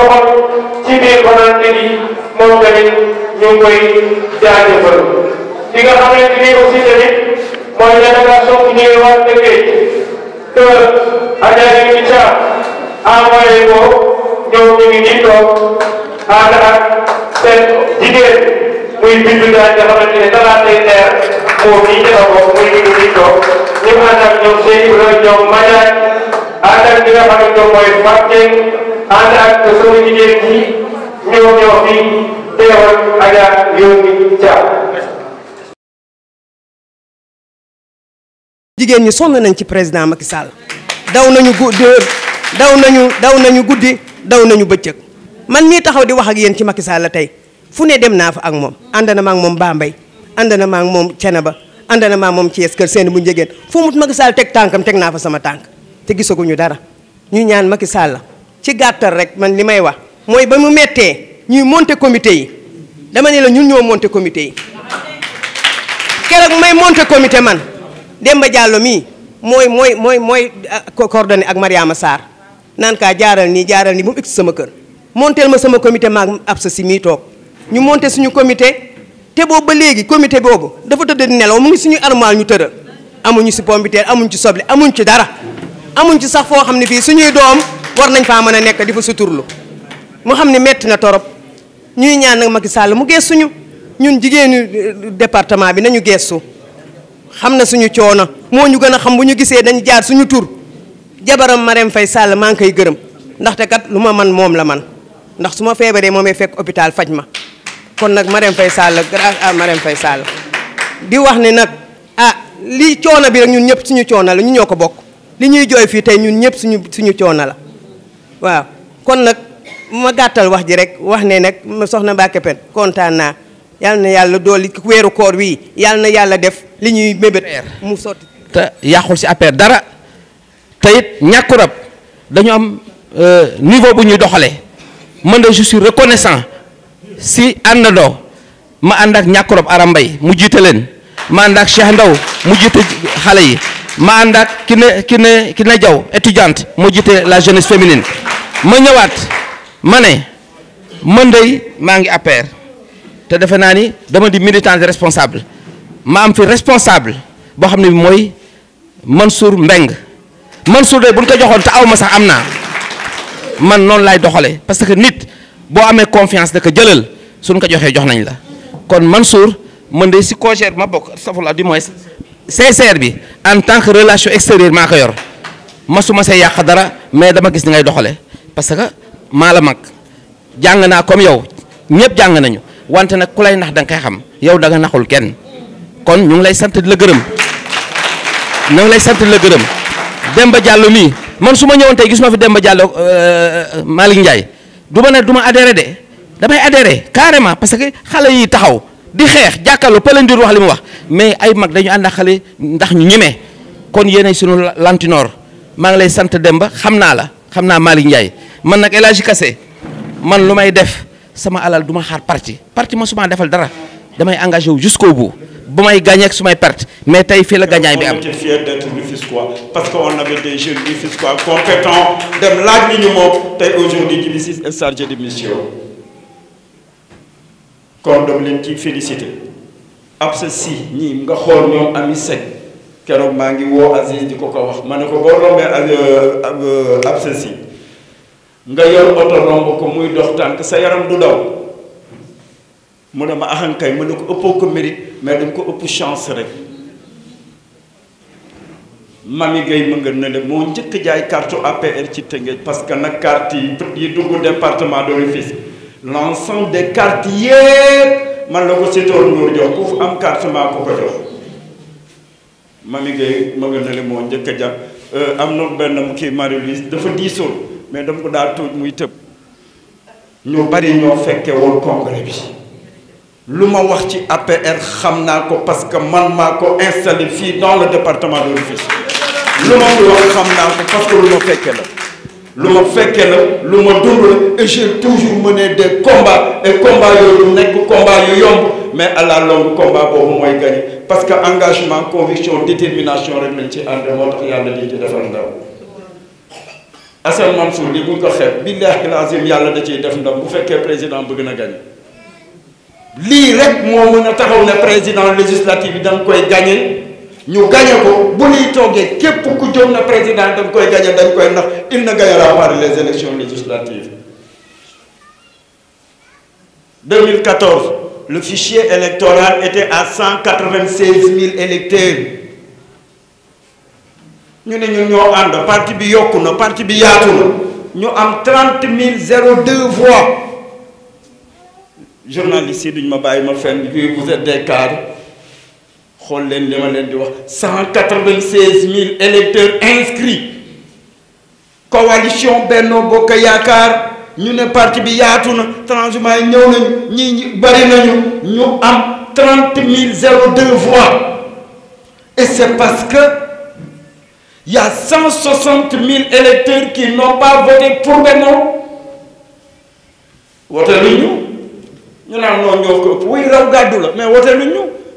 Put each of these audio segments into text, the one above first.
doxal ci biir Konaté bi ñu ngi koy li nga xamante ni aussi tamit mooy délégation bu ñëwee waa Tëngéej que Adja Rémy Dia envoyé ko ñoom ñu ngi nii toog ànd ak seen jigéen muy bindu daal nga xamante ne talaatay leer moom mii ca ko muy bindu nii toog ñu ànd ak ñoom Seydou ñoom Madiagne ànd ak li nga xam ne ñoom mooy Fatou jigéen ñi ñëw sonn nañ ci président Macky Sall daw nañu gu daw nañu daw nañu guddi daw nañu bëccëg man mii taxaw di wax ak yéen ci Macky Sall la tey fu ne dem naa fa ak moom ànd maak moom Bambey ànd na ma moom Thiénaba ba na ma ak moom Thiès kër seen bu njëgeen fu mu Macky teg tànkam teg naa fa sama tànk te gisaguñu dara ñu ñaan Macky Sall ci gàttal rek man li may wax mooy ba mu mettee ñuy monter comité yi dama ne la ñun ñoo monter comité yi keroog may monter comité man dem ba Diallo mii mooy mooy mooy mooy ah, coordonné ak Mariama saar naan kaa jaaral nii jaaral nii bu mu egsi sama kër monteel ma sama comité maag ab sa si mii toog ñu monter suñu comité te boobu ba léegi comité boobu dafa tëdd di nelaw mu ngi suñu armoire ñu tëral amuñu si pombiteer amuñ ci soble amuñ ci dara amuñ ci sax foo xam ne fii suñuy doom war nañ faa mën a nekk di fa suturlu mu xam ne metti na torop ñuy ñaan nag Macky sàll mu gees suñu ñun jigéenu euh, departement bi nañu geesu xam na suñu coono moo ñu gën a xam bu ñu gisee dañ jaar suñu tur jabaram Marème fay Sall maa ngi koy gërëm ndaxte kat lu ma man moom la man ndax su ma feebaree moom moomee fekk hôpital faj ma kon nag Marème fay Sall grâce à Marème Faye Sall di wax ne nag ah li coono bi rek ñun ñëpp suñu coono la ñu ñoo ko bokk li ñuy jo fii tey ñun ñëpp suñu suñu coono la waaw kon nag ma gàttal wax ji rek wax ne nag soxna Mbacké Pène kontaan naa yàlla na yàlla dooli weeru koor wii yàlla na yàlla def li ñuy mébét mu sotti te yàqul ci affaire dara te it ñàkku rab dañu am euh, niveau bu ñuy doxalee mën de je suis reconnaissant si àndandoo ma ànd ak ñàkku rab Aram Mbaye mu jiite leen ma ànd ak Cheikh Ndaw mu jiite xale yi ma ànd ak ki ne ki ne ki ne jaw étudiante mu jiite la jeunesse féminine ma ñëwaat ma ne man day maa ngi APR te defe naa ni dama di militant responsable ma am fi responsable boo xam ne mooy Mansour Mbeng Mansour day buñ ko joxoon te aw ma sax am naa man noonu laay doxale parce que nit boo amee confiance da ko jëlal suñ ko joxee jox nañ la kon Mansour man day si cogère ma bokk safula du moins CCR bi en tant que relation extérieure maa ko yor masuma see yàq dara mais dama gis ni ngay doxale parce que maa la mag jàng naa comme yow ñëpp jàng nañu wante nag ku lay ndax danga nga koy xam yow da nga naxul kenn kon ñu ngi lay sant di la gërëm ñu lay sant di la gërëm Demba Diallo mii man su ma ñëwoon tey gis ma fi Demba Diallo euh, Malick Ndiaye du ma ne du ma adhéré de damay adhéré carrément parce que xale yi taxaw di xeex jàkkaarloo palandiir wax li mu wax mais ay mag dañu ànd xale ndax ñu ñemee kon yéenay sunu lantinoor maa ngi lay sant Demba xam naa la xam naa Malick Ndiaye man nag El kase man lu may def sama alal du ma xaar parti parti ma su defal dara damay engagé wu jusqu'au bout ba may gagné ak su may perte mais tey fii la gagnaay bi am. on était parce que on avait des jeunes Rufisquois compétents dem laaj ñu ñu moom tey aujourd'hui Djiby Ciss est chargé ci félicité ab sa si ñii nga xool ñoom ami sec keroog mangi wo woo Aziz di ko ko wax ma ne ko boo rombee absence nga yor oto romb ko muy dox tank sa yaram du daw mune ma axankay ah, mu ko ëppoo ko mérite mais dum ko ëpp chance rek mami gay ma nga nële mo ñeuk jaay carte APR ci tengue parce que nak carte yi yi dugg département de Rufisque l'ensemble des cartes yépp man la ko Sitor ñu jox ku am carte ma ko ko jox Mami Gueye ma nga ne moo njëkk a qui euh, Marie Louise dafa diisoon mais dama ko muy ñu congrès bi qui ma APR parce que man a installé dans le département de Rufisque Le ma wax parce lu ma fekkee la lu et j'ai toujours mené des combats et combats yo nek combats yo yom mais à la longue combat boobu mooy gagné parce que engagement conviction détermination rek men ci ànd moo tax yàlla di ci defal ndam Assane Mansour di buñ ko xeeb billahi lazim yalla da ci def ndam bu fekkee président bëgg na gagné li rek mo meuna taxaw na président législatif bi koy gagné. Nous gagnons, gagné. Si nous avons képp ku jóg na président il ne gagnera pas les élections législatives 2014 le fichier électoral était à 196 000 électeurs Nous avons ñun parti bi Yokuna, parti 30 002 voix journaliste duñ ma pas ma vous êtes des cadres 196 000 électeurs inscrits. coalition Benno bokayakar Nous sommes partis de nous avons 30 002 voix. Et c'est parce que il y a 160 000 électeurs qui n'ont pas voté pour Benno. Nous sommes venus. Nous avons venus. Oui, nous êtes venus. Mais nous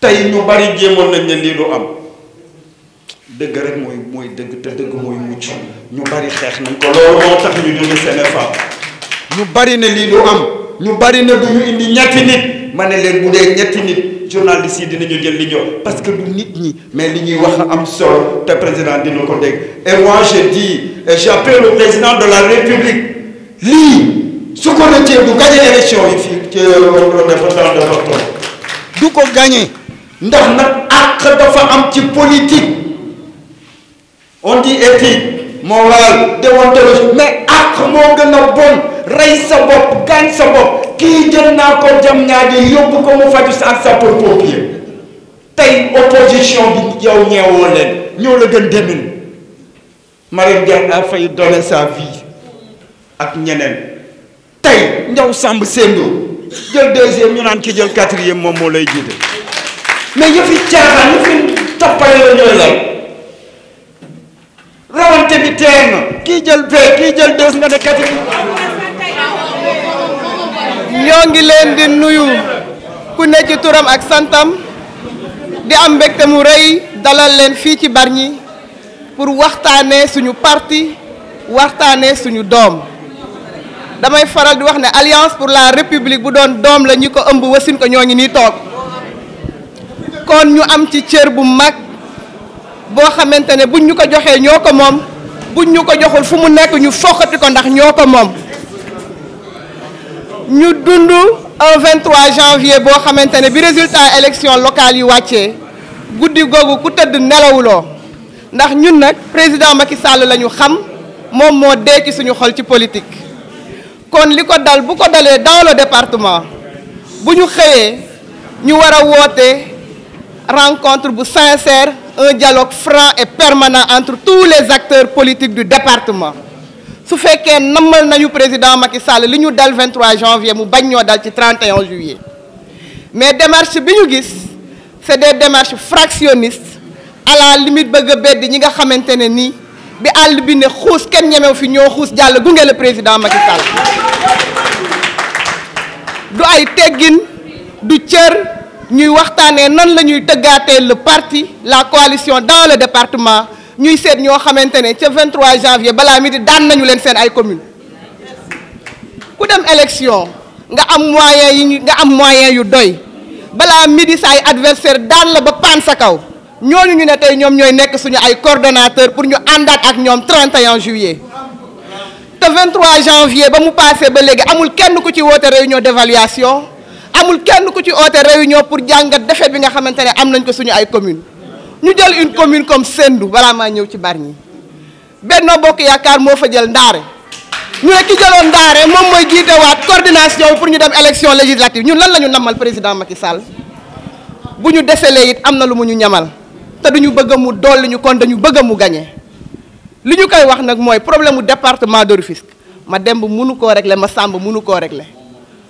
tay ñu bari jéemoon nañ ne lii du am dëgg rek mooy mooy dëgg te dëgg mooy mucc ñu bari xeex nañ ko loolu moo tax ñu dund Sénégal ñu bari ne lii du am ñu bari ne du ñu indi ñetti nit ma ne leen bu dee ñetti nit journaliste yi dinañu jël li ñëw parce que du nit ñi mais li ñuy wax am solo te président dina ko dégg et moi je dis et j'appelle le président de la république lii su ko rëccee du gagné élection yi fii ci euh, département de Podor du ko gagné ndax nag àq dafa am ci politique on dit éthique morale déontologie mais àq moo gën a bon rey sa bopp gaañ sa bopp kii jël naa ko ko mu faju sa ak est tey bi yow ñeewoo leen la gën marie y a failli donner sa vie ak ñeneen tey ndaw jël deuxième ñu naan ki jël quatrième moom moo lay jiite mais nah, iya, yëfi ñu fi kan toppale la iya. ñoy lay rawante bi teer ki jël bee ki jël dess nga ne kati ñoo ngi leen di nuyu ku ne ci turam ak santam di am mbégte mu rëy dalal leen fii ci barñi pour waxtaanee suñu parti waxtaanee suñu doom damay faral di wax ne alliance pour la république bu doon doom la ñi ko ëmb wasin ko ñoo ngi nii toog Nous ñu am ci bu nous buñ ñu ko ko buñ ñu ko joxul Nous ñu ko ndax ko ñu un 23 janvier boo xamante bi résultat élection locale yi wàccee guddi googu ku tëdd nelawuloo ndax ñun nag président Macky Sall xam ci suñu xol ci politique kon dal bu ko dans le département ñu rencontre sincère un dialogue franc et permanent entre tous les acteurs politiques du département su fait nammal nañu président Macky Sall li dal 23 janvier mu bañ 31 juillet mais démarche démarches ñu gis c'est des démarches fractionnistes à la limite de a beddi ñi nga xamante ne nii bi àll bi ne xuus kenn ñemew fi ñoo le président Macky Sall du ay teggin du nous avons nan le parti la coalition dans le département Nous sommes 23 janvier bala midi daan nañu leen ay commune élection moyen yi moyen yu doy midi adversaire dans ba Nous kaw nous ñu pour 31 juillet Le 23 janvier ba mu passé réunion d'évaluation amul kenn ku ci oote réunion pour jàngat defet bi nga xamante ne am nañ ko suñu ay commune ñu jël une commune comme Sendou balaa maa ñëw ci Bargny Benno Bokk Yaakaar moo fa jël ndaare ñu ki jëloon ndaare moom mooy jiite waat coordination pour ñu dem élection législative ñun lan la namal président Macky Sall bu ñu deselee it am na lu mu ñu ñamal te duñu bëgg mu dolli ñu kon dañu bëgg mu gagné li ñu wax nag mooy problème département de ma demb mënu koo régler ma sàmb mënu koo régler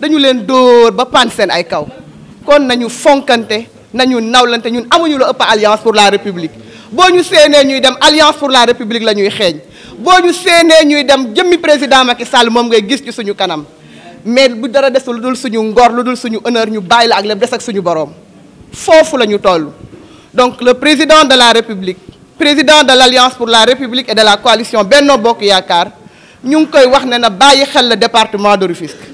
dañu leen dóor ba paan seen ay kaw kon nañu fonkante nañu nawlante ñun amuñu la ëpp alliance pour la république boo ñu séenee ñuy dem alliance pour la république la ñuy xeeñ boo ñu séenee ñuy dem jëmmi président Macky Sall moom ngay gis ci suñu kanam mais bu dara des lu dul suñu ngor lu dul suñu honneur ñu bàyyi la ak lépp des ak suñu boroom foofu la ñu toll donc le président de la république président de l'alliance pour la république et de la coalition Benno Bokk Yaakaar ñu ngi koy wax ne na bàyyi xel le département de Rufisque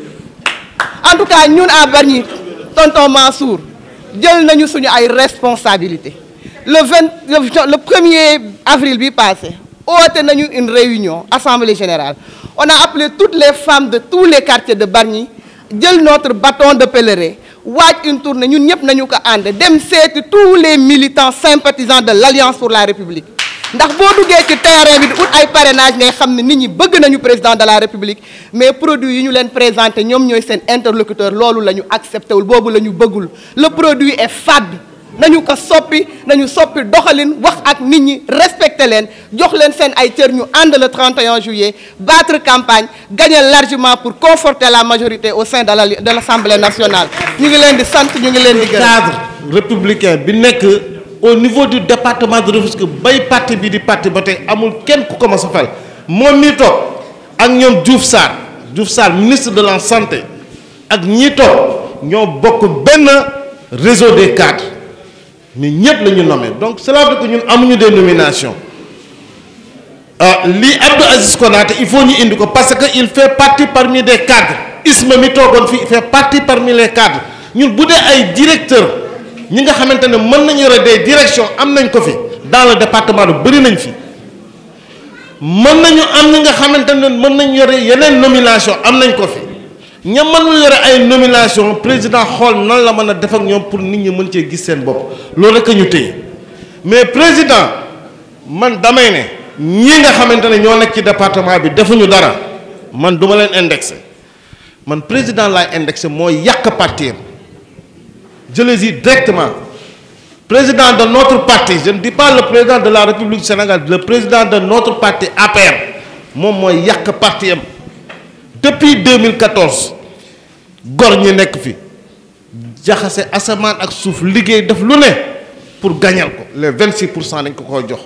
en tout cas nous, à Bargny tonton Mansour nous avons suñu responsabilité le 1 le avril passé, passé avons eu une réunion assemblée générale on a appelé toutes les femmes de tous les quartiers de Bargny jël notre bâton de pèlerin nous une tournée ñun tous les militants sympathisants de l'Alliance pour la République ndax bo duggee ci terrain bi out ay parrainage né xamné nit ñi bëgg nañu président de la république mais produit yi ñu leen présenter ñom ñoy seen interlocuteur loolu lañu ñu accepté wul boobu la bëggul le produit est fade nañu ko soppi nañu soppi doxalin wax ak nit ñi respecté leen jox leen seen ay cër ñu ànd le 31 juillet battre campagne gagner largement pour conforter la majorité au sein de la de l'Assemblée nationale ñu ngi leen di sant ñu ngi leen di cadre républicain bi nekk au niveau du département de Rufisque bay parti bi di parti batay amul kenn ku ko mas a fal moom mi ak ñom Diouf Sarr Diouf Sarr ministre de la santé ak ñi tok ñoo bokk ben réseau des cadres mais ñepp lañu ñu nommé donc cela veut dire que ñun amuñu des nominations ah li Abdou Aziz Konaté il faut ñu indi ko parce que il fait partie parmi des cadres Isma mi togon fi il fait partie parmi les cadres ñun bu ay directeurs. ñi nga xamante ne mën nañu yore des direction am nañ ko fi dans le département lu bëri nañ fi mën nañu am ñi nga xamante ne mën nañu yore yeneen nomination am nañ ko fi ña mënul yore ay nomination président xool nan la mën a def ñoom pour nit ñi mën cee gis seen bopp loolu rek ñu téye mais président man damay ne ñii nga xamante ne ñoo nekk ci département bi defuñu dara man duma leen indexé man président laay indexé mooy yàq parti je le dis directement président de notre parti je ne dis pas le président de la république du Sénégal le président de notre parti APR mon moi yak parti depuis 2014 gor nek fi jaxase asamaan ak souf liggéey def lu ne pour gagner... le les 26 de ko jox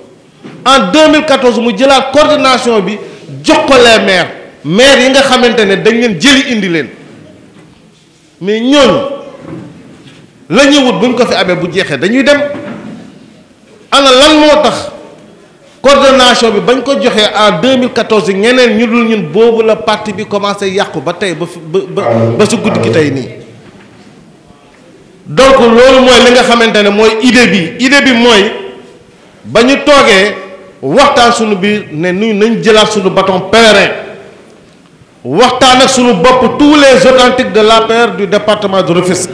en 2014 mu la coordination bi jox ko les maires maires yi nga xamante ne dañ leen jëli indi mais nous, la ñëwut buñ ko fi amee bu jeexee dañuy dem ana lan moo tax coordination bi bañ ko joxee en 2014 ñeneen ñu dul ñun boobu la parti bi commencé yàqu ba tey ba ba ba su guddi gi tey nii donc loolu mooy li nga xamante ne mooy idée bi idée bi mooy ba ñu toogee waxtaan sunu biir ne nu nañ jëlaat suñu bâton pèlerin waxtaan ak suñu bopp tout les authentiques de la l'APR du département de Rufisque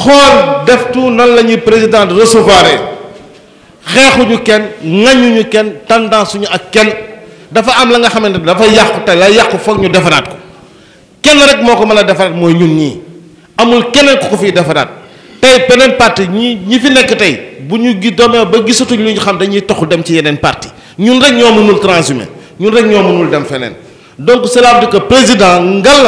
xool deftu nan la ñuy président recevoir xeexuñu kenn ŋañuñu kenn tendance suñu ak kenn dafa am la nga xamante ne dafa yàqu te la yàqu foog ñu defaraat ko kenn rek moo ko mën a defaraat mooy ñun ñii amul keneen ku ko fiy defaraat tey beneen parti ñi ñi fi nekk tey bu ñu gi demee ba gisatuñ lu ñu xam dañuy toxu dem ci yeneen parti ñun rek ñoo mënul transhumé ñun rek ñoo mënul dem feneen donc cela veut dire président ngal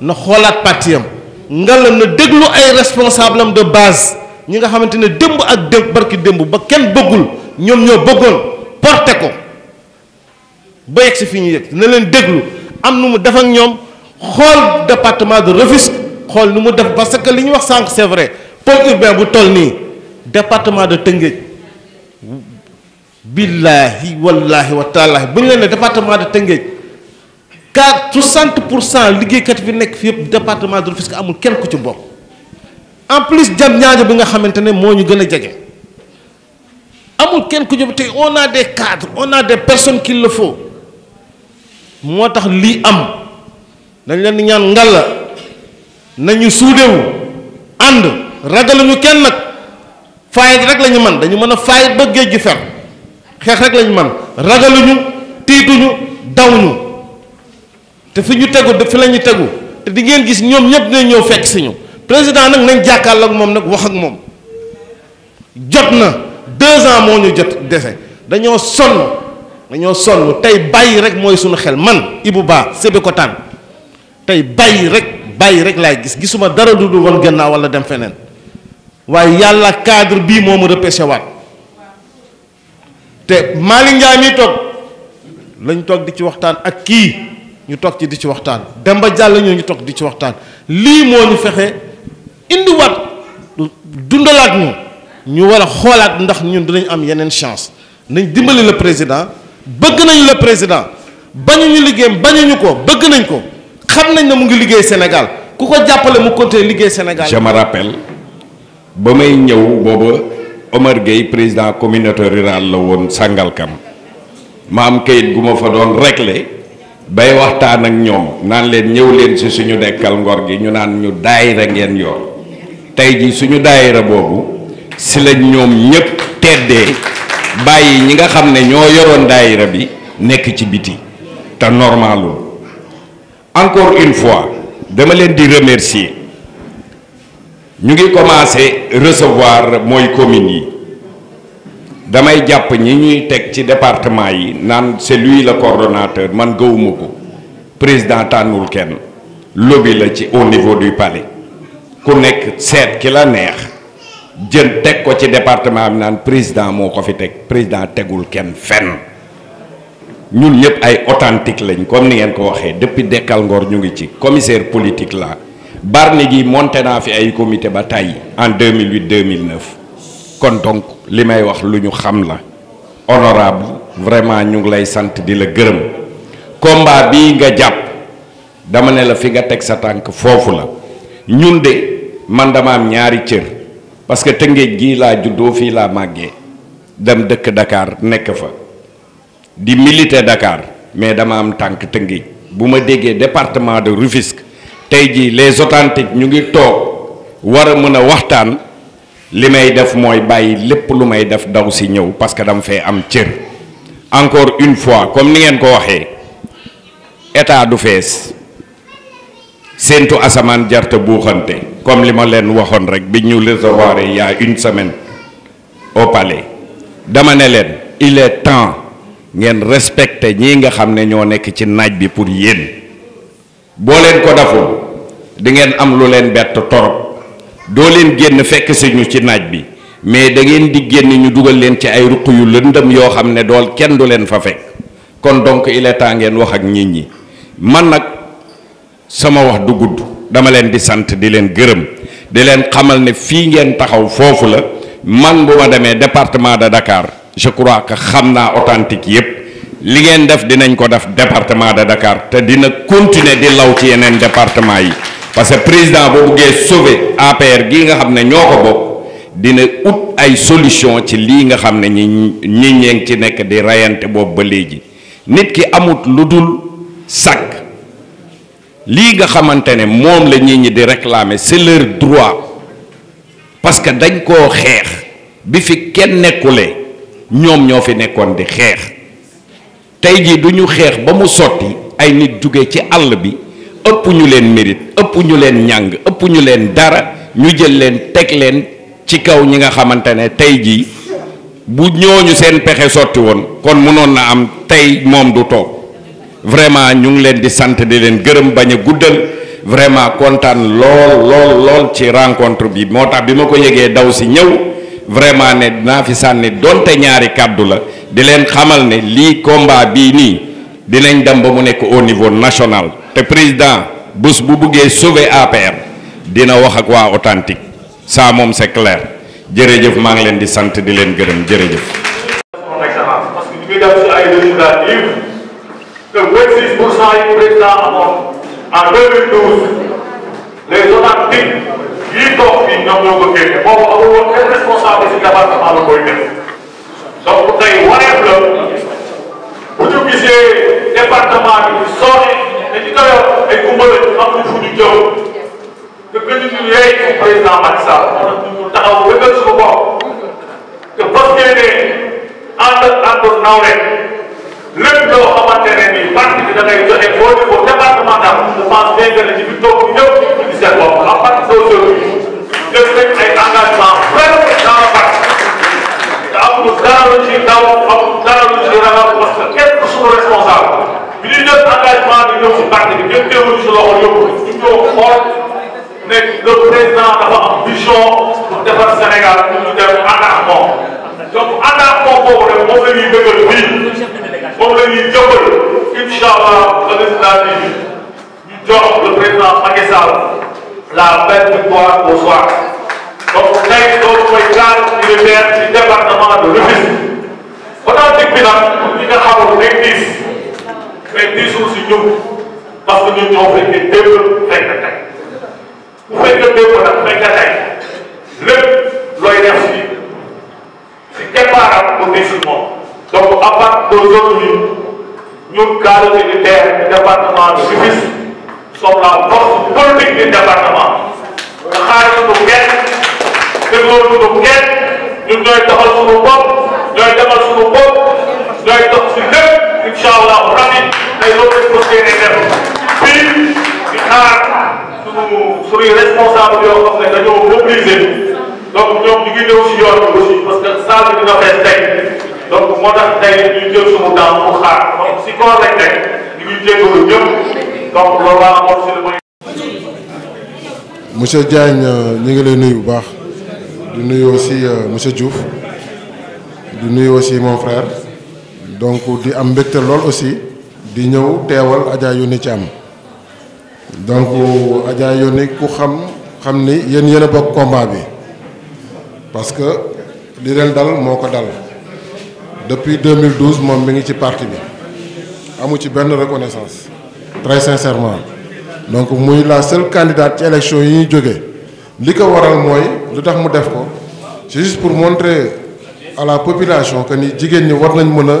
na xoolaat parti am nga ngala na déglu ay responsable am de base ñi nga xamante ne démb ak démb barki démb ba kenn bëggul ñoom ñoo bëggoon porté ko ba yegg si fi ñu yegg na leen déglu am nu mu def ñoom xool département de Rufisque xool nu mu def parce que li ñu wax sànq c'est vrai pôle urbain bu toll nii département de Tëngéej billaahi wallaahi wa taalaahi bu ñu leen ne département de Tëngéej car 60 pour cent liggéeykat fi nekk fi yëpp département de Rufisque amul kenn ku ci bopp en plus jam ñaajo bi nga xamante ne moo ñu gën a jege amul kenn ku ci tey on a des cadres on a des personnes qu'il le faut moo tax lii am dañ leen di ñaan ngalla nañu suudewu ànd ragaluñu kenn nag faayit rek lañu man dañu mën a faayit ba géej gi fer xeex rek lañu man ragaluñu tiituñu dawuñu te fi ñu tegu fi la ñu tegu te di ngeen gis ñoom ñëpp dinañ ñëw fekk si ñu président nag nañ jàkkaarloo ak moom nag wax ak moom jot na deux ans moo ñu jot dese dañoo sonn dañoo sonn tey bàyyi rek mooy suñu xel man ibu baax Ibou ko Sébikotane tey bàyyi rek bàyyi rek laay gis gisuma dara du dul woon gannaaw wala dem feneen waaye yàlla cadre bii moo mu repêché waat te Malick Ndiaye mi toog lañ toog di ci waxtaan ak kii. ñu toog ci di ci waxtaan dem ba jàll ñoo ñu toog di ci waxtaan lii moo ñu fexe indiwaat dundalaat ñu ñu war xoolaat ndax ñun dinañ am yeneen chance nañ dimbali la président bëgg nañu le président bañuñu liggéeyam bañuñu ko bëgg nañ ko xam nañ ne mu ngi liggéey Sénégal ku ko jàppale mu continuer liggéey Sénégal. je me rappelle ba may ñëw booba Omar Gueye président communauté rurale la woon sàngalkam ma am kayit gu ma fa doon réglé. bay waxtaan ak ñoom naan leen ñëw leen si suñu dekkal ngor gi ñu naan ñu daayira ngeen yoon tey ji suñu daayira boobu si la ñoom ñëpp teddee bàyyi ñi nga xam ne ñoo yoroon daayira bi nekk ci biti te normalul encore une fois dama leen di remercier ñu ngi commencer recevoir mooy communes yi damay jàpp ñi ñuy teg ci département yi naan c'est la le coordonnateur man gëwuma ko président tànnul kenn lobby la ci au niveau du palais ku nekk seet ki la neex jën teg ko ci département bi naan président moo ko fi teg président tegul kenn fenn ñun ñëpp ay authentique lañ comme ni ngeen ko waxee depuis dekkal ngor ñu ngi ci commissaire politique la Bargny gi monté naa fi ay comité ba tàyyi en 2008 2009 kon donc li may wax lu ñu xam la honorable vraiment ñu ngi lay sant di la gërëm komba bii nga jàpp dama ne la fi nga teg sa tànk foofu la ñun de man dama am ñaari cër parce que Tëngéej gii laa juddoo fii laa màggee dem dëkk Dakar nekk fa di militer dakaar mais dama am tànk Tëngéej bu ma déggee département de Rufisque tey jii les authentiques ñu ngi toog war a mën a waxtaan li may def mooy bàyyi lépp lu may def daw si ñëw parce que dama fee am cër encore une fois comme ni ngeen ko waxee état du fees séentu asamaan jarte buuxante comme li ma leen waxoon rek bi ñu recevoir il y a une semaine au palais dama ne leen il est temps ngeen respecter ñii nga xam ne ñoo nekk ci naaj bi pour yéen boo leen ko defoon di ngeen am lu leen bett torop doo leen génn fekk suñu ci naaj bi mais da ngeen di génn ñu dugal leen ci ay ruq yu lëndëm yoo xam ne dool kenn du leen fa fekk kon donc il est ngeen wax ak nit ñi man nag sama wax du gudd dama leen di sant di leen gërëm di leen xamal ne fii ngeen taxaw foofu la man bu demee département de Dakar je crois que xam naa authentique yépp li ngeen def dinañ ko def département de Dakar te dina continuer di law ci yeneen département yi parce que président boo buggee sauver APR gi nga xam ne ñoo ko bokk dina ut ay solution ci lii nga xam ne ñi ñi ñeen ci nekk di reyante boobu ba léegi nit ki amut lu dul sàkk lii nga xamante ne moom la ñit ñi di réclamer celeur droit parce que dañ koo xeex bi fi kenn nekkulee ñoom ñoo fi nekkoon di xeex tey jii du ñu xeex ba mu sotti ay nit jóge ci àll bi ëpp ñu leen mérite ëpp ñu leen ñàng ëpp ñu leen dara ñu jël leen teg leen ci kaw ñi nga xamante ne tey jii bu ñooñu seen pexe sotti woon kon mënoon na am tey moom du toog vraiment ñu ngi leen di sant di leen gërëm bañ a guddal vraiment kontaan lool lool lool ci rencontre bi moo tax bi ma ko yëgee daw si ñëw vraiment ne dinaa fi sànni donte ñaari kàddu la di leen xamal ne lii combat bii nii dinañ dem ba mu nekk au niveau national te président bés bu buggee sauver APR dina wax ak waa authentique ça moom c'est clair jërëjëf maa ngi leen di sant di leen gërëm jërëjëf. parce que ñu ngi président amoon en 2012 les authentiques toog fii ñoom ñoo ko génne responsable si département la koy def donc tey wareef la bu ñu gisee département bi sori. dañu doyoo ay kumbal amuñu fu ñu jëm te gën ñu yeey président Macky Sall mu taxaw wëggal suñu bopp te fas yéene ànd ak ànd naaw rek lépp loo xamante ne nii parti bi da ngay joxe au niveau départemental je pense bien que ne ci biir toog ñëpp di seen bopp à partir d'aujourd'hui jël nañ ay engagement ferme dans le parti te amul dara lu ci daw amul dara lu ci ragal parce que képp suñu responsable bi ñuy def engagement bi ñëw si parti bi kenn teewul si loxo yóbbu ñu ñëw xool nekk le président dafa am vision pour defar Sénégal pour ñu dem ànd ak moom donc ànd ak moom boobu rek moom la ñuy dëggal fii moom la ñuy jëmbal incha allah le législative ñu jox le président Macky Sall la belle victoire au soir donc tey loolu mooy cadre unitaire du département de Rufisque authentique bi nag ñi nga xamul rek gis mais diisoo si ñun parce que ñun ñoo fekkee démb fekk tey bu fekkee démb nag fekk tey lépp looy def si si keppaaram mu diisi moom donc à part d'aujourd'hui ñun cadre unitaire du département de Rufisque sommes la force politique du département nga xaaral ko kenn dégloo ko kenn ñun ñooy doxal suñu bopp ñooy demal suñu bopp ñooy dox si lépp incha allah rabi day doon def ko ñu ngi moo si koor lañ nekk ñu ngi jégalu si euh, lay nuyu bu baax di nuyu aussi euh, monsieur mon frère. donc di am mbégte lool aussi di ñëw teewal Adja ci am donc Adja Yoni ku xam xam ni yéen yéen a bokk combat bi parce que li leen dal moo ko dal depuis 2012 moom mi ngi ci parti bi amu ci benn reconnaissance très sincèrement donc muy la seule candidate ci élection yi ñuy jógee li ko waral mooy lu tax mu def ko c'est juste pour montrer à la population que ni jigéen ñi war nañ mën a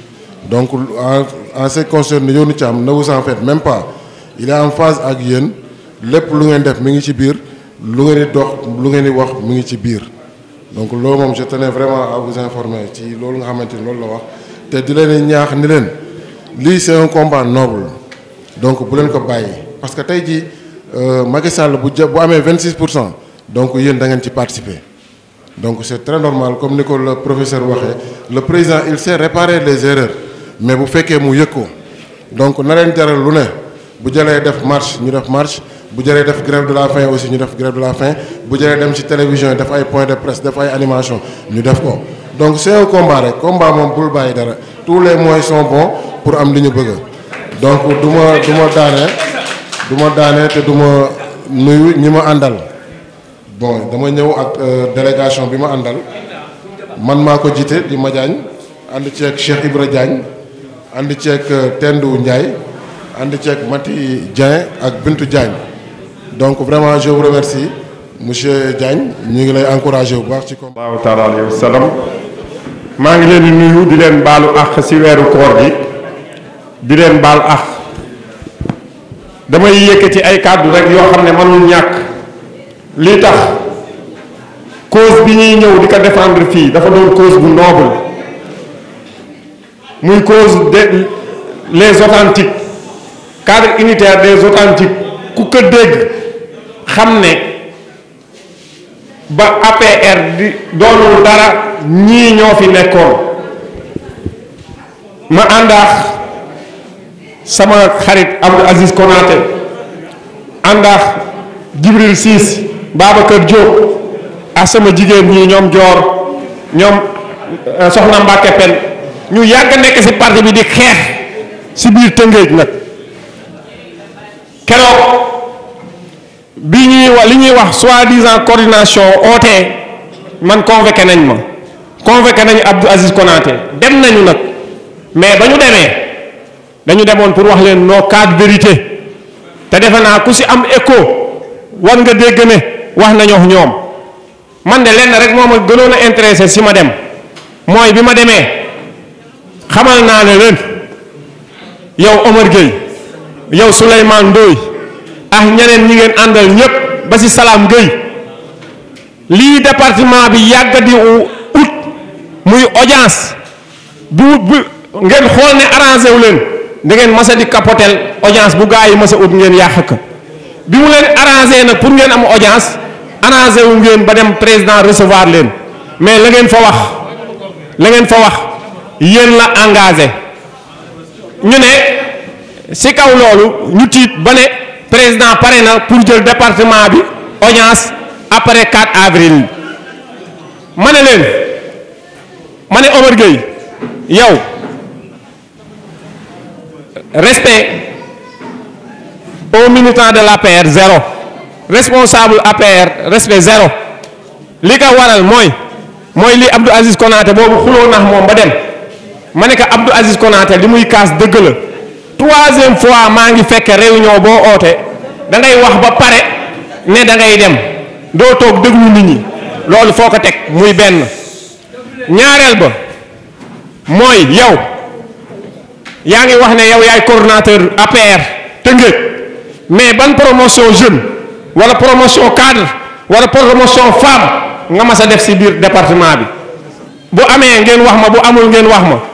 Donc, en, ce qui concerne Yonou Cham, ne vous en faites même pas. Il est en phase avec Yen. Lep Lungendep Mingichibir, Lungeni Dok, Lungeni Wak Mingichibir. Donc, l'homme, je tenais vraiment à vous informer. Si l'homme a maintenu l'homme, te di leen ñaax ni l'en. Lui, c'est un combat noble donc bu l'en ko parce que tey jii euh, Macky Sall bu ja 26 donc yéen da ngeen ci participer donc c'est très normal comme le professeur waxee le président il sait réparer les erreurs mais vous que vous êtes ko donc on a. jaral lu ne bu jëlee def marche ñu def marche bu faire def grève de la faim aussi ñu def grève de la faim bu jëree dem télévision faire des points de presse def animation nous def ko donc c'est un combat un combat mon tous les moyens sont bons pour amener li donc du duma du duma d'année nuyu bon euh, délégation nous andal. man ànd ceeg euh, Tendou Ndiaye ànd ceeg Mati Dieng ak Bintu Diagne donc vraiment je vous remercie monsieur Diagne ñi ngi lay encourager bu baax ci combat. allahu taala alayhi wa sallam maa ngi leen di nuyu di leen balu àq ci wéru koor gi di leen bal àq damay yëkkati ay kàddu rek yo xam ne mënul ñàkk tax cause bi ñi ñew di ko défendre fi dafa doon cause bu noble. muy cause de les authentiques cadre unitaire des authentiques ku ko dégg xam ne ba APR di doonul dara ñii ñoo fi nekkoon ma àndaax sama xarit Abdou Aziz Konaté àndaax Djibril Ciss Babacar Diop ak sama jigéen ñi ñoom Joor ñoom euh, Soxna Mbacke Pen ñu yàgg nekk ci parti bi di xeex ci biir Tëngéej nag keroog bi ñuy wax li ñuy wax soi-disant coordination ootee man convoqué nañ ma convoqué nañu Abdou Aziz Konaté dem nañu nag mais ba ñu demee dañu demoon pour wax leen noo quatre vérités te defe naa ku ci am éco war nga dégg ne wax nañoo ñoom man de lenn rek moo ma gënoon a intéressé ci ma dem mooy bi ma demee. xamal naa ne leen yow Omar Gueye yow Souleymane Ndoye ak ñeneen ñi ngeen àndal ñëpp ba ci salaam Gueye lii departement bi yàgg di ut muy audience bu bu ngeen xool ne arrangé wu leen da ngeen mas a di capotel audience bu gaa yi mas a ut ngeen yàq ko bi mu leen arrangé nag pour ngeen am audience arrangé wu ngeen ba dem président recevoir leen mais la ngeen fa wax la ngeen fa wax. yéen la engagé ñu ne si kaw loolu ñu tiit ba ne président pare na pour jël département bi audience après 4 avril ma ne leen ma ne Omar yow respect aux militants de l'APR zéro responsable APR respect zéro li ko waral mooy mooy li Abdou Aziz Konaté boobu xuloo nax moom ba dem ma ne ko Abdou Aziz Konaté li muy kaas dëgg la troisième fois maa ngi fekke réunion boo oote dangay wax ba pare ne da ngay dem doo toog déglu nit ñi loolu foo ko teg muy benn ñaareel ba mooy yow yaa ngi wax ne yow yaay coordonnateur APR Tëngéej mais ban promotion jeune wala promotion cadre wala promotion femme nga mas a def si biir département bi bu amee ngeen wax ma bu amul ngeen wax ma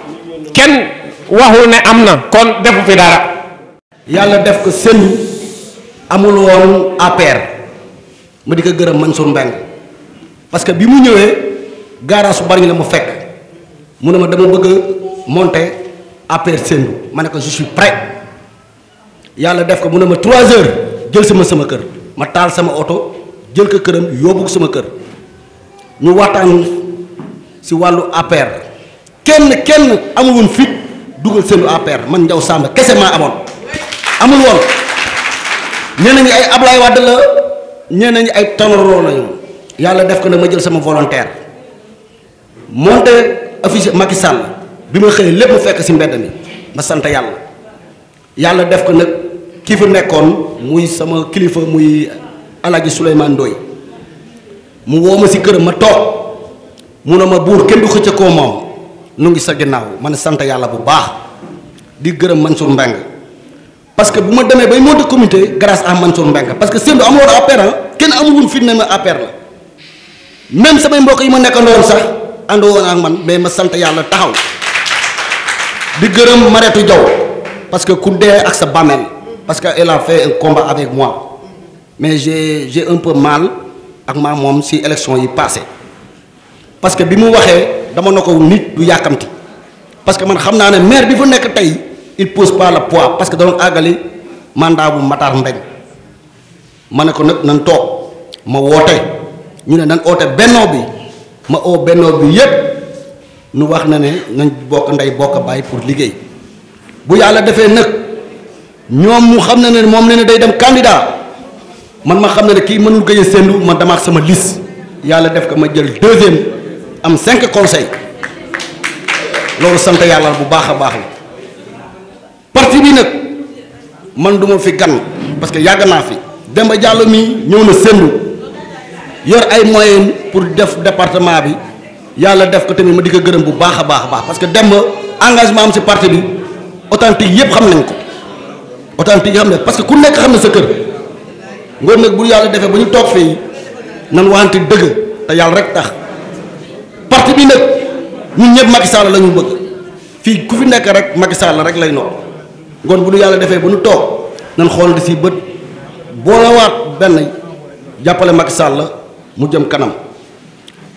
kenn waxul ne am na kon defu fi dara. yàlla def ko sëñ amul woon APR ma di ko gërëm Mansour Mbengue parce que bi mu ñëwee garage su bari la mu fekk mu ne ma dama bëgg a monter APR ma ne ko je suis yàlla def ko mun ne ma trois heures jël sama sama kër ma taal sama oto jël ko këram yóbbu ko sama kër ñu waxtaan si wàllu APR. kenn kenn amul fit dugal seenu APR man ndaw Samba kesse ma amon amul won ñeneen ñi ay ablay wad la ñeneen ñi ay Tanor lañu yalla def ko na ma jël sama volontaire monté officier Macky Sall bima xëy lepp fekk ci mbedd mi ma sante yalla yalla def ko nak ki fi nekkon muy sama kilifa muy Alaaji Souleyman Doy mu woma ci si ma tok mu na ma bur kenn du xëcc ko mom nu ngi sa ginnaaw man sant yalla bu baax di gërëm Mansour mbeng parce que buma ma demee bay monte comité grâce à Mansour mbeng parce que Sendou amono appel ah kenn amulul ma appel la même sama mbokk yi ma nekkandoon sax ando won ak man mais ma sant yalla taxaw di gërëm Maretu jaw parce que ku ak sa bamel parce que elle a fait un combat avec moi mais j'ai j'ai un peu mal ak ma mom si élection yi passé parce que bimu waxé dama na ko nit du yàkkamti parce que man xam naa ne maire bi fa nekk tey il pose pas la poids parce que da doon àggali mandat bu Matar Mbengue ma ne ko nag nan toog ma woote ñu ne nan oote bennoo bi ma oo bennoo bi yépp nu wax na ne nañ bokk ndey bokk bàyyi pour liggéey bu yàlla defee nag ñoom mu xam ne ne moom ne na day dem candidat man ma xam ne ne kii mënul gëj a ma man dama ak sama liste yàlla def ko ma jël deuxième am 5 conseils lolu sante yalla bu baakha baax la parti bi nak man duma fi gan parce que yag na fi Demba Diallo mi ñew na sendu yor ay moyen pour def département bi yalla def ko tamit ma diga ko bu baakha baax baax parce que Demba engagement am ci parti bi authentique yépp xam nañ ko authentique xam nañ parce que ku nekk xam na sa kër ngor nak bu yalla defee ba ñu toog fii nan wanti deug ta yalla rek tax parti bi nak ñun ñepp Macky Sall lañu bëgg fi ku fi nek rek Macky Sall rek lay noor ngon bu nu yalla defee bu nu tok nañ xol di ci bëtt bo la waat ben jappalé Macky Sall mu jëm kanam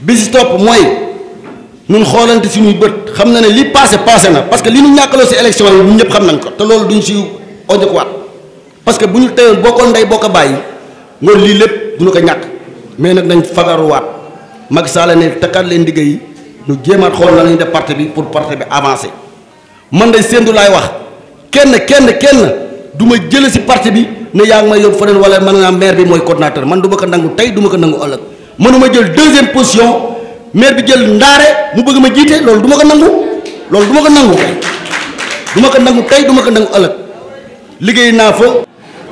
bi ci top moy ñun xolante ci ñuy bëtt xam na né li passé passé na parce que li ñu ñàkkaloo ci élection yi ñun ñepp xam nañ ko té loolu duñ ci ko waat parce que bu ñu teyoon bokkoon ndey bokk a bàyyi ngoon lii duñu ko ñak mais nak nañ fagaru waat Macky Sall ne takal len liggéey yi ñu jéemaat xool na lañu def parti bi pour parti bi avancer man day sendu lay wax kenn kenn kenn duma jël ci parti bi ne yaang ngi may yóbbu feneen wala man na maire bi moy coordinateur man duma ko nangu tay duma ko nangu ëlëk mënuma jël deuxième position maire bi jël ndare mu bëgg ma jité loolu duma ko nangu loolu duma ko nangu duma ko nangu tay duma ko nangu ëlëk liggéey na fa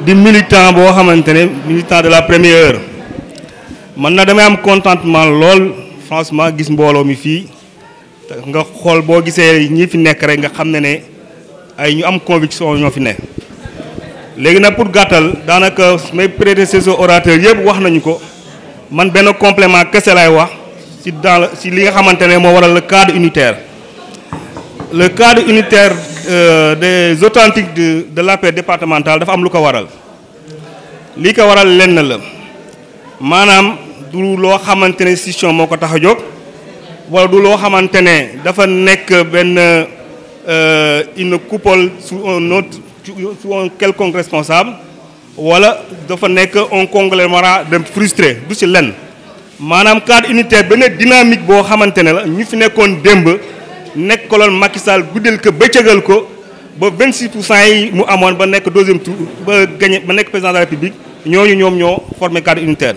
di militant bo xamantene militant de la première heure man na damay am contentement lol franchement gis mbolo mi fi nga xol bo gisee ñi fi nek rek nga xamné ne ay ñu am conviction ñoo fi ne légui na pour gàttal danaka mes prédécesseurs orateurs yeb wax nañu ko man ben complément kese lay wax ci dans ci li nga xamantene mo waral le cadre unitaire le cadre unitaire euh, des authentiques de de l'APR départementale dafa am lu ko waral li ko waral lenn la manam du lo xamantene ne institution moo ko wala du lo xamantene dafa nek ben euh une coupole sous un autre sous un quelconque responsable wala dafa nek un conglomérat de frustré du ci lenn cadre unité benne dynamique bo xamantene la ñu fi nekkoon Nek nekkaloon Macky Sall guddel ko bëccëgal ko ba 26 yi mu amone ba nek deuxième tour ba gagner ba nek président de la république ñooñu ñom ñoo formé cadre unitaire.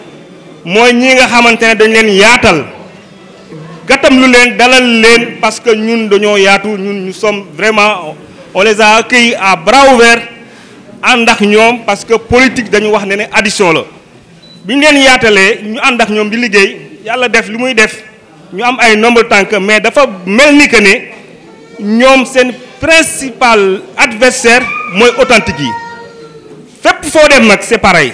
moy ñi nga xamantene dañ leen yaatal gatam lu leen dalal leen parce que ñun dañoo yaatu ñun sommes vraiment on les a accueillis à bras ouverts parce que politique dañu wax ne addition la leen ñu ak ñoom Nous def li muy def ñu am ay nombre mais dafa que né ñoom principal adversaire moy authentique yi fépp dem c'est pareil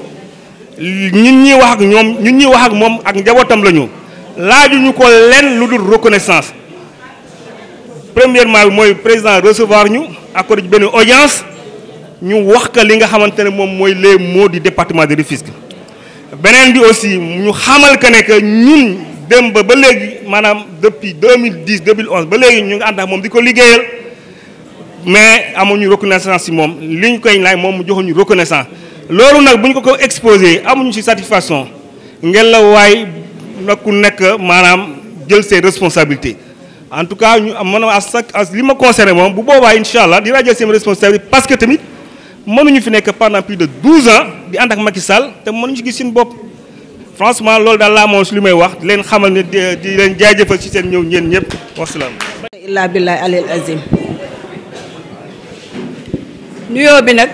ñun ñi wax ak ñoom ñu ñi wax ak moom ak njabootam la ñu ko lenn lu dul reconnaissance premièrement bi mooy président recevoir ñu accordé benn audience ñu wax ko li nga xamante ne moom mooy les moo di département de Rufisque beneen bi aussi ñu xamal que ne que ñun dem ba ba léegi maanaam depuis 2010 2011 ba léegi ñu ngi ànd ak moom di ko liggéeyal mais amuñu reconnaissance si moom li ñu koy laay moom mu joxuñu reconnaissance loolu nak buñ ko ko exposer amuñu ci satisfaction ngel la way na ku nekk maanaam jël ses responsabilités en tout cas ñu mëna à chaque li ma concerné moom bu boobaa incha allah dinaa jël seen responsabilités parce que tamit mënuñu fi nek pendant plus de 12 ans di ànd ak Macky Sall té mënuñu ci gis sin bop franchement loolu da la moom si li wax di leen xamal ni di len jajeufal ci seen ñëw ñeen ñëpp wasalaam. illaa billahi alil azim nuyoo bi nak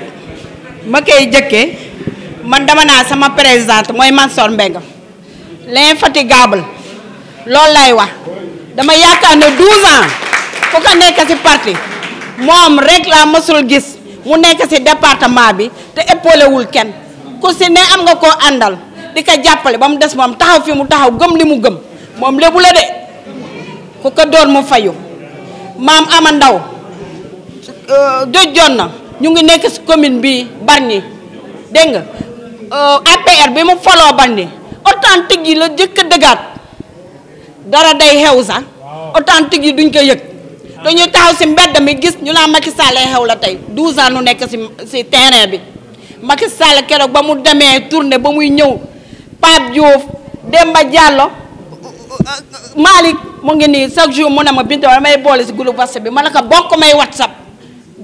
ma koy jëkkee man dama naa sama présidente mooy Mansour Mbengue l'infatigable loolu lay wax dama yaakaar ne 12 ans fu ko nekk ci parti moom rek laa mësul gis mu nekk ci departement bi te épaulé kenn ku si ne am nga koo àndal di ko jàppale ba mu des moom taxaw fi mu taxaw gëm li mu gëm moom lébu la de ku ko door mu fayu maam ama ndaw euh, dojoon na ñu ngi nekk si commune bi Bargny dégg nga euh, APR bi mu foloo Bargny authentique yi la jëkk a dëggaat dara day xew sax authentique yi duñ ko yëg dañuy taxaw si mbedd mi gis ñu laa Macky Sall xew la tey 12 ans nu nekk si si terrain bi Macky Sall keroog ba mu demee tournée ba muy ñëw Pape Diouf Demba Diallo Malick mu ngi nii chaque jour mu ne ma Binta damay boole si groupe WhatsApp bi ma ne ko bokk may WhatsApp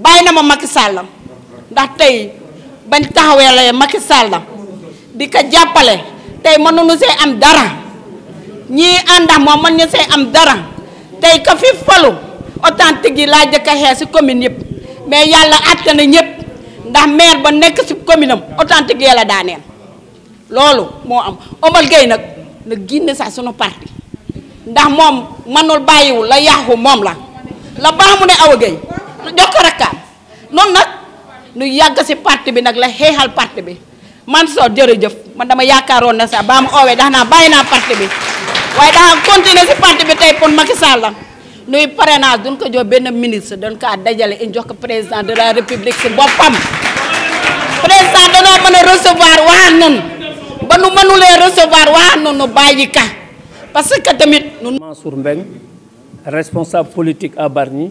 bàyyi na ma Macky Sall ndax tey bañ taxawee Macky Sall di ko jàppale tey mënuñu see am dara ñii ànd ak moom mën ñu see am dara tey ka fi falu authentique yi laa jëkk a xee si commune yëpp mais yàlla àtte na ñëpp ndax maire ba nekk si commune am authentique yee la daaneel loolu moo am Omar Gueye nag na génne sax sunu parti ndax moom mënul bàyyiwul la yàqu moom la la baax mu ne Awa Gueye jox rakam non nak nag yag ci parti bi nak la xeexal parti bi man so jere jeuf man dama yaakaaroon na sax ba mu oowee dax naa parti bi way daa continuer ci parti bi tay pon Macky Sall la nuy parrainage duñ ko jox ben ministre dañ kaa dajale en jox ko président de la république ci bopam président da mën a recevoir wa nun ba nu le recevoir wa nun nu bàyyi ka parce que tamit. Mansour mbeng responsable politique à barni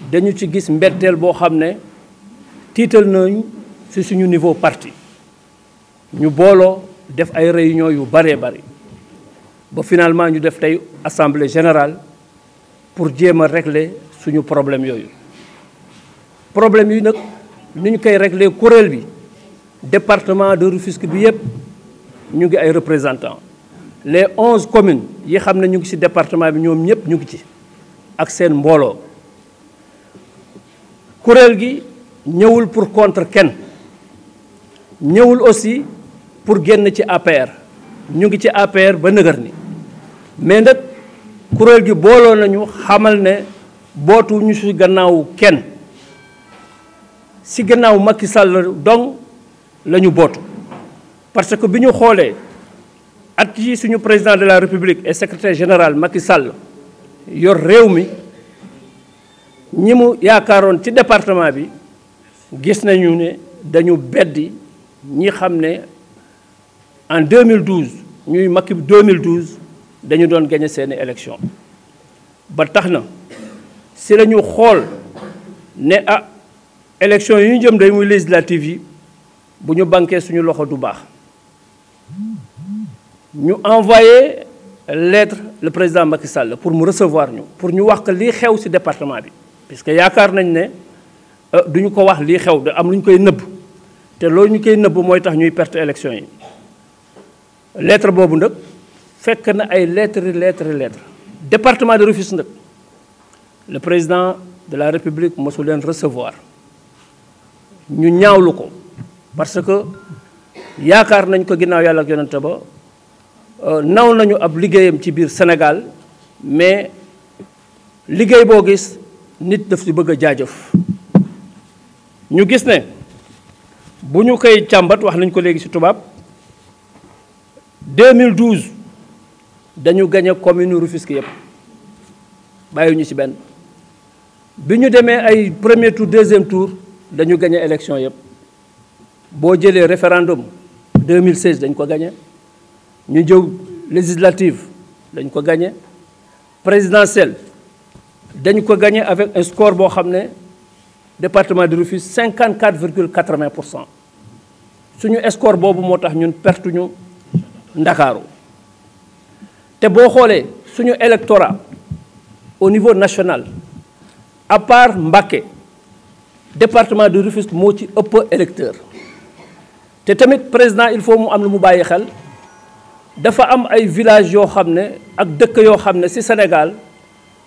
Nous avons gis que suñu niveau parti Nous avons def ay réunion yu finalement ñu def une assemblée générale pour régler suñu problème yooyu problème yi nag ñu régler département de Rufisque les 11 communes yi ont ñu département bi ñu ngi kuréel gi ñëwul pour contre kenn ñëwul aussi pour génn ci APR ñu ngi ci APR ba nëgër ni mais nag kuréel gi booloo nañu xamal ne bootu ñu si gannaaw kenn si gannaaw Macky Sall dong la ñu bootu parce que bi ñu xoolee at yi suñu président de la république et secrétaire général Macky Sall yor réew mi ñimu mu yaakaaroon ci département bi gis nañu ne dañu beddi ñi xam ne en 2012 ñuy Macky 2012 dañu doon gagné seeni élection ba tax na si la né xool ne ah élection yi ñu jëm day muy législative yi bu ñu banquee suñu loxo du baax ñu envoyé lettre le président Macky Sall pour mu recevoir ñu pour ñu wax que li xew ci département bi parce que yaakaar nañ ne euh, du ko wax li xew da am luñ koy nëbb te loolu ñu koy nëbb mooy tax ñuy perte élection yi lettre boobu nag fekk na ay lettre lettre lettre département de Rufisque nag le président de la république mosu leen recevoir ñu ñaawlu ko parce que yaakaar nañ ko ginnaaw yàlla ak yonante ba euh, naw nañu ab liggéeyam ci biir Sénégal mais liggéey boo gis nit daf ci bëgg jaajëf ñu gis ne bu ñu koy càmbat wax nañ ko léegi ci tubaab 2012 dañu gañe commune Rufisque yépp yëpp ñu ci benn bi ñu demee ay premier tour deuxième tour dañu gañe élection yépp boo jëlee référendum 2016 dañ ko gagné ñu jëw législative dañ ko gagné présidentielle dañ ko gagné avec un score bo xamné département de Rufisque 54,80%. suñu score bobu motax ñun pertu ñu Dakarou té bo xolé suñu électorat au niveau national à part Mbacké département de Rufisque mo ci ëpp électeur té tamit président il faut mu am lu mu bàyyi xel dafa am ay villages yo xamné ak dëkk yo xamné ci Sénégal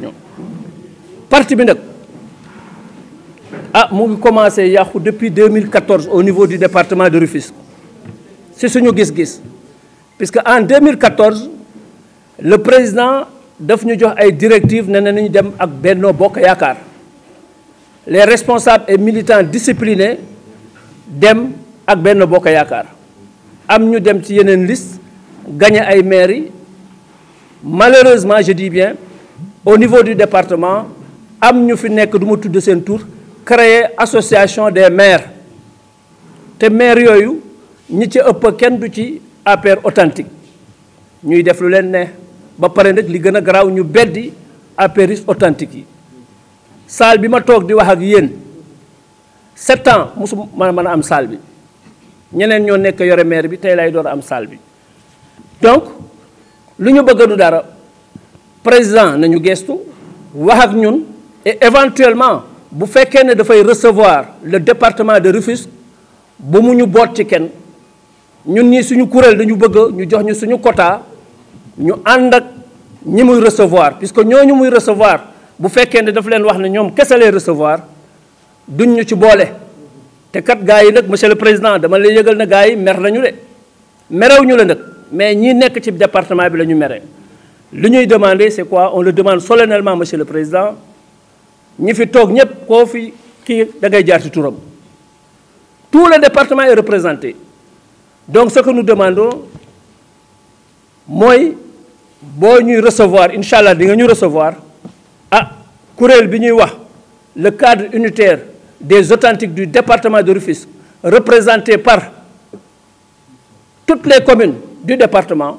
ñu parti bi nak ah mu ngi commencé depuis 2014 au niveau du département de Rufisque C'est suñu gis-gis puisque en 2014 le président daf ñu jox ay directives ne dem ak Benno Bokk les responsables et militants disciplinés dem ak Benno Bokk ont am ñu dem ci yeneen liste gagner ay mairies. malheureusement je dis bien au niveau du département am ñu fi nekk du ma tudd seen tour créer association des maires te maires yooyu ñi ci ëpp kenn du ci APR authentique ñuy def lu leen ne ba pare nag li gën a garaaw ñu beddi apéris authentique yi salle bi ma toog di wax ak yéen sept ans mosu ma mën a am salle bi ñeneen ñoo nekk yore maire bi tey lay doon am salle bi donc lu ñu bëgg du dara président nañu gestu wax ak ñun et éventuellement bu fekkee ne dafay recevoir le département de Rufisque bu mu ñu boot ci kenn ñun ñi suñu kuréel dañu bëgg ñu jox ñu suñu quota ñu ànd ak ñi muy recevoir puisque ñooñu muy recevoir bu fekkee ne dafa leen wax ne ñoom kese lay recevoir duñ ñu ci boole te kat gars yi nag monsieur le président dama lay yëgal na gars yi mer nañu de merew ñu la nag mais ñi nekk ci département bi la ñu mere que nous demander c'est quoi on le demande solennellement monsieur le président Nous tout le département est représenté donc ce que nous demandons c'est que recevoir Inch'Allah, nous di recevoir ah, le cadre unitaire des authentiques du département de représenté par toutes les communes du département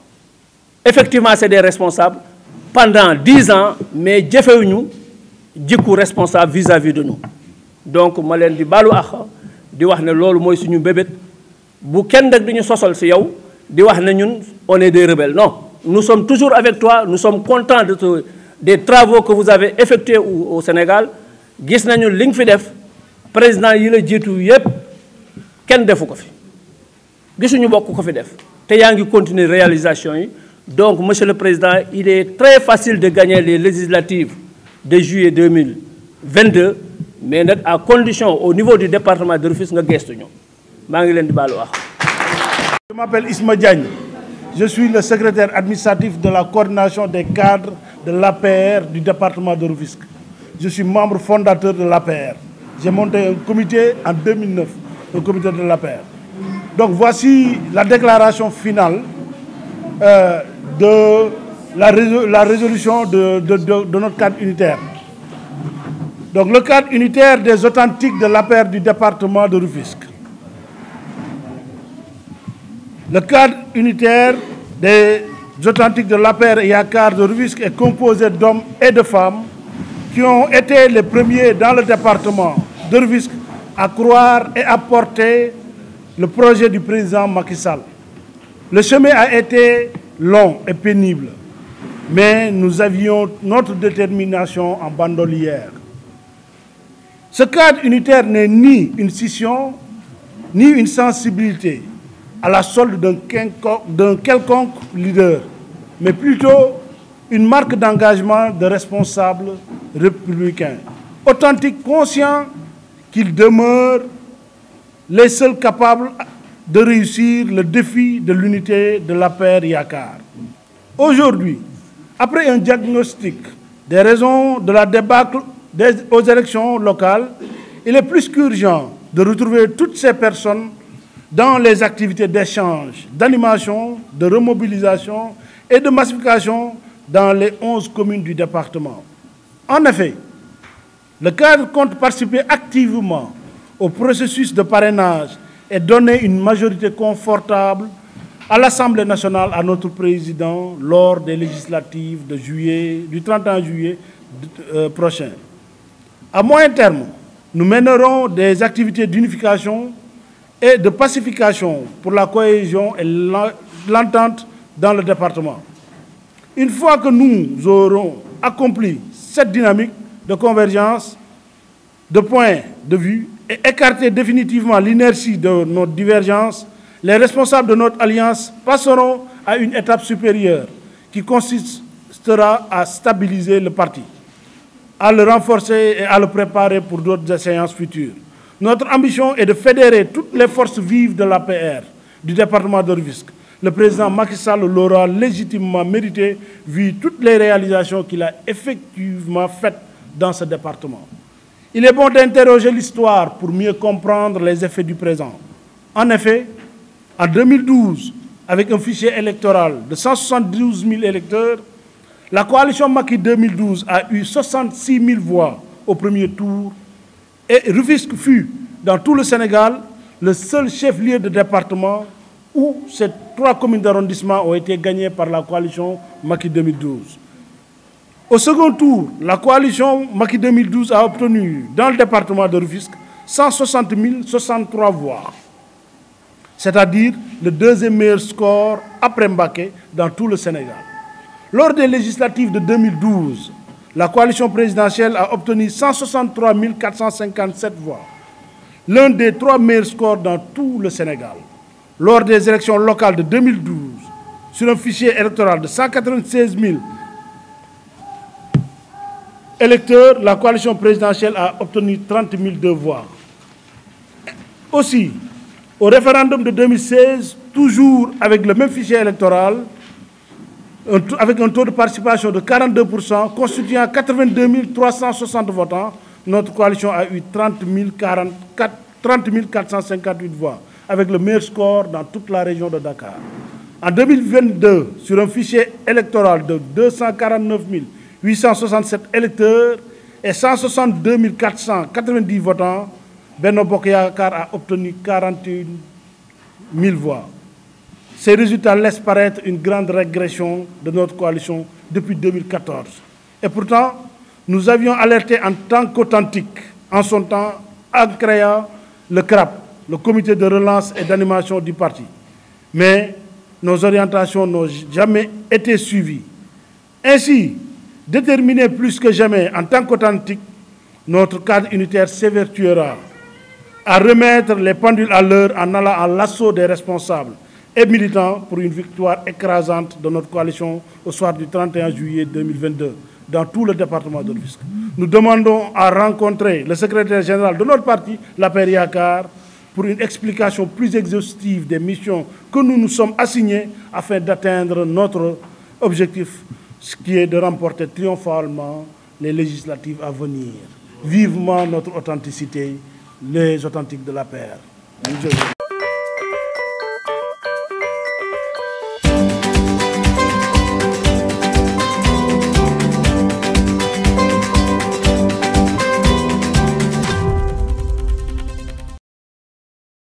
effectivement c'est des responsables pendant dix ans mais jëfewuñu jikku responsable vis-à-vis de nous donc ma leen di balu àq di wax né lolu moy suñu bébét bu kenn rek duñu sosal ci yow di wax né ñun on est des rebelles non nous sommes toujours avec toi nous sommes contents de des travaux que vous avez effectués au Sénégal gis nañu liñ fi def président yi la jiitu yépp kenn defuko fi gisuñu bokku ko fi def te continuer réalisation yi donc, Monsieur le Président, il est très facile de gagner les législatives de juillet 2022, mais à condition, au niveau du département de Rufus, nous Je m'appelle Isma Diagne. Je suis le secrétaire administratif de la coordination des cadres de l'APR du département de Rufisque. Je suis membre fondateur de l'APR. J'ai monté un comité en 2009, le comité de l'APR. Donc voici la déclaration finale euh, de la, résolution de, notre cadre unitaire. Donc le cadre unitaire des authentiques de paire du département de Rufisque. Le cadre unitaire des authentiques de l'APER et ACAR de Rufisque est composé d'hommes et de femmes qui ont été les premiers dans le département de Rufisque à croire et à porter le projet du président Macky Sall. Le chemin a été long et pénible, mais nous avions notre détermination en bandolière. Ce cadre unitaire n'est ni une scission, ni une sensibilité à la solde d'un quelconque leader, mais plutôt une marque d'engagement de responsables républicains, authentiques, conscients qu'ils demeurent les seuls capables de réussir le défi de l'unité de la paire Yakar. Aujourd'hui, après un diagnostic des raisons de la débâcle aux élections locales, il est plus qu'urgent de retrouver toutes ces personnes dans les activités d'échange, d'animation, de remobilisation et de massification dans les 11 communes du département. En effet, le cadre compte participer activement au processus de parrainage et donner une majorité confortable à l'Assemblée nationale à notre président lors des législatives de juillet, du 31 juillet euh, prochain. À moyen terme, nous mènerons des activités d'unification et de pacification pour la cohésion et l'entente dans le département. Une fois que nous aurons accompli cette dynamique de convergence de points de vue et écarter définitivement l'inertie de nos divergences, les responsables de notre alliance passeront à une étape supérieure qui consistera à stabiliser le parti, à le renforcer et à le préparer pour d'autres séances futures. Notre ambition est de fédérer toutes les forces vives de l'APR, du département de d'Orvisque. Le président Macky Sall l'aura légitimement mérité, vu toutes les réalisations qu'il a effectivement faites dans ce département. Il est bon d'interroger l'histoire pour mieux comprendre les effets du présent. En effet, en 2012, avec un fichier électoral de 172 000 électeurs, la coalition Maki 2012 a eu 66 000 voix au premier tour et Rufisque fut, dans tout le Sénégal, le seul chef-lieu de département où ces trois communes d'arrondissement ont été gagnées par la coalition Maki 2012. Au second tour, la coalition Maki 2012 a obtenu dans le département de Rufisque 160 063 voix, c'est-à-dire le deuxième meilleur score après Mbaké dans tout le Sénégal. Lors des législatives de 2012, la coalition présidentielle a obtenu 163 457 voix, l'un des trois meilleurs scores dans tout le Sénégal. Lors des élections locales de 2012, sur un fichier électoral de 196 000 électeurs, la coalition présidentielle a obtenu 30 000 voix. Aussi, au référendum de 2016, toujours avec le même fichier électoral, avec un taux de participation de 42%, constituant 82 360 votants, notre coalition a eu 30, 30 458 voix, avec le meilleur score dans toute la région de Dakar. En 2022, sur un fichier électoral de 249 000, 867 électeurs et 162 490 votants, Benno a obtenu 41 000 voix. Ces résultats laissent paraître une grande régression de notre coalition depuis 2014. Et pourtant, nous avions alerté en tant qu'authentique, en son temps, en créant le CRAP, le comité de relance et d'animation du parti. Mais nos orientations n'ont jamais été suivies. Ainsi, Déterminé plus que jamais en tant qu'authentique, notre cadre unitaire s'évertuera à remettre les pendules à l'heure en allant à l'assaut des responsables et militants pour une victoire écrasante de notre coalition au soir du 31 juillet 2022 dans tout le département de Nous demandons à rencontrer le secrétaire général de notre parti, la Yakar, pour une explication plus exhaustive des missions que nous nous sommes assignées afin d'atteindre notre objectif ce qui est de remporter triomphalement les législatives à venir. Vivement notre authenticité, les authentiques de la paix.